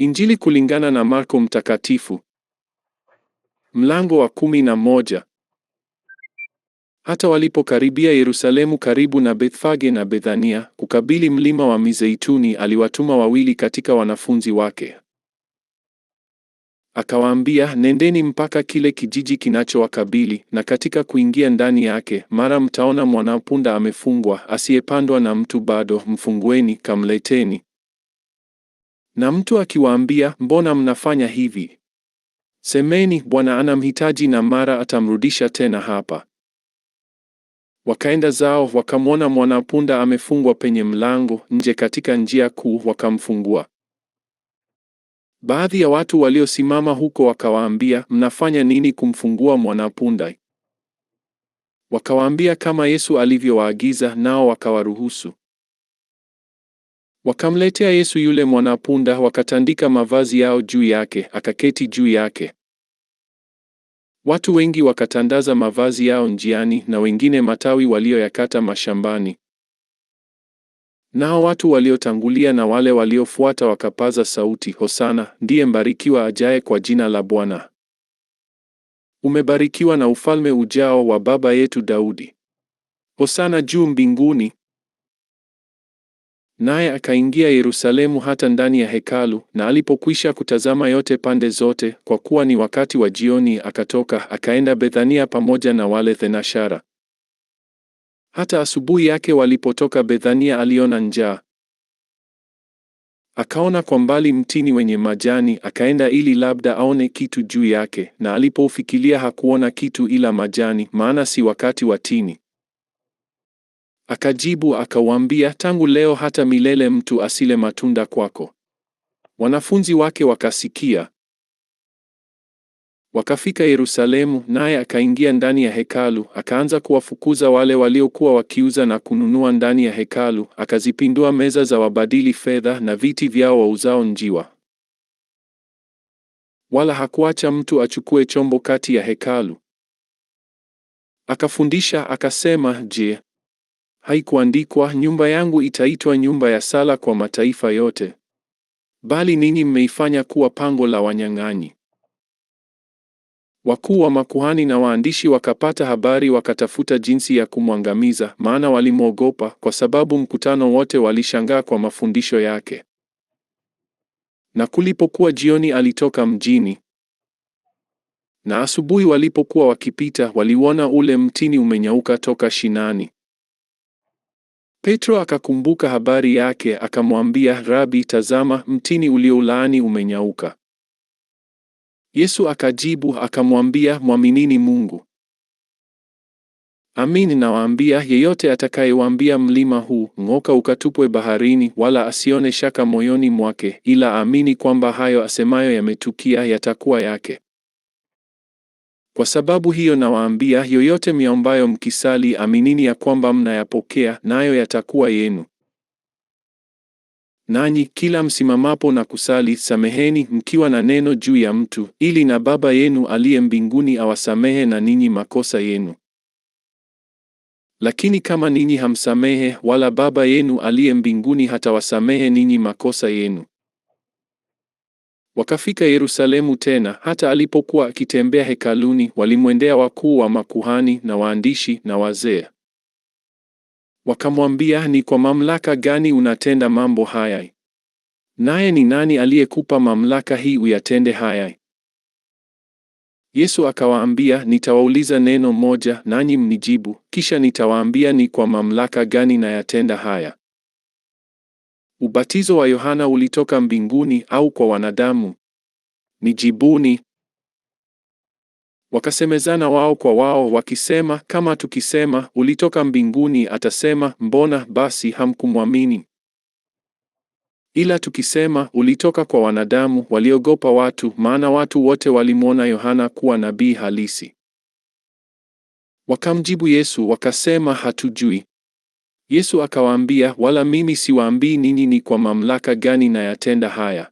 Injili kulingana na Marko Mtakatifu, mlango wa kumi na moja. Hata walipokaribia Yerusalemu karibu na Bethfage na Bethania, kukabili mlima wa Mizeituni, aliwatuma wawili katika wanafunzi wake. Akawaambia, nendeni mpaka kile kijiji kinachowakabili, na katika kuingia ndani yake, mara mtaona mwanapunda amefungwa, asiyepandwa na mtu bado; mfungueni, kamleteni. Na mtu akiwaambia, mbona mnafanya hivi? Semeni, Bwana anamhitaji na mara atamrudisha tena hapa. Wakaenda zao wakamwona mwanapunda amefungwa penye mlango nje katika njia kuu, wakamfungua. Baadhi ya watu waliosimama huko wakawaambia, mnafanya nini kumfungua mwanapunda? Wakawaambia kama Yesu alivyowaagiza, nao wakawaruhusu. Wakamletea Yesu yule mwanapunda, wakatandika mavazi yao juu yake, akaketi juu yake. Watu wengi wakatandaza mavazi yao njiani, na wengine matawi walioyakata mashambani. Nao watu waliotangulia na wale waliofuata wakapaza sauti, Hosana, ndiye mbarikiwa ajaye kwa jina la Bwana. Umebarikiwa na ufalme ujao wa baba yetu Daudi. Hosana juu mbinguni. Naye akaingia Yerusalemu hata ndani ya hekalu, na alipokwisha kutazama yote pande zote, kwa kuwa ni wakati wa jioni, akatoka akaenda Bethania pamoja na wale thenashara. Hata asubuhi yake walipotoka Bethania, aliona njaa. Akaona kwa mbali mtini wenye majani, akaenda ili labda aone kitu juu yake, na alipoufikilia hakuona kitu ila majani, maana si wakati wa tini. Akajibu akawaambia, tangu leo hata milele mtu asile matunda kwako. Wanafunzi wake wakasikia. Wakafika Yerusalemu, naye akaingia ndani ya hekalu, akaanza kuwafukuza wale waliokuwa wakiuza na kununua ndani ya hekalu, akazipindua meza za wabadili fedha na viti vyao wauzao njiwa. Wala hakuacha mtu achukue chombo kati ya hekalu. Akafundisha akasema, Je, haikuandikwa, nyumba yangu itaitwa nyumba ya sala kwa mataifa yote, bali ninyi mmeifanya kuwa pango la wanyang'anyi. Wakuu wa makuhani na waandishi wakapata habari, wakatafuta jinsi ya kumwangamiza, maana walimwogopa, kwa sababu mkutano wote walishangaa kwa mafundisho yake. Na kulipokuwa jioni, alitoka mjini na asubuhi walipokuwa wakipita, waliuona ule mtini umenyauka toka shinani. Petro akakumbuka habari yake, akamwambia, Rabi, tazama, mtini uliolaani umenyauka. Yesu akajibu akamwambia, mwaminini Mungu. Amin, nawaambia, yeyote atakayewaambia mlima huu ng'oka, ukatupwe baharini, wala asione shaka moyoni mwake, ila aamini kwamba hayo asemayo yametukia, yatakuwa yake. Kwa sababu hiyo nawaambia, yoyote miombayo mkisali, aminini ya kwamba mnayapokea, nayo yatakuwa yenu. Nanyi kila msimamapo na kusali, sameheni mkiwa na neno juu ya mtu, ili na Baba yenu aliye mbinguni awasamehe na ninyi makosa yenu. Lakini kama ninyi hamsamehe, wala Baba yenu aliye mbinguni hatawasamehe ninyi makosa yenu. Wakafika Yerusalemu tena, hata alipokuwa akitembea hekaluni, walimwendea wakuu wa makuhani na waandishi na wazee, wakamwambia, ni kwa mamlaka gani unatenda mambo haya? Naye ni nani aliyekupa mamlaka hii uyatende haya? Yesu akawaambia, nitawauliza neno moja, nanyi mnijibu, kisha nitawaambia ni kwa mamlaka gani nayatenda haya. Ubatizo wa Yohana ulitoka mbinguni au kwa wanadamu? Nijibuni. Wakasemezana wao kwa wao wakisema, kama tukisema ulitoka mbinguni, atasema mbona basi hamkumwamini? Ila tukisema ulitoka kwa wanadamu, waliogopa watu, maana watu wote walimwona Yohana kuwa nabii halisi. Wakamjibu Yesu wakasema, hatujui. Yesu akawaambia, wala mimi siwaambii ninyi ni kwa mamlaka gani nayatenda haya.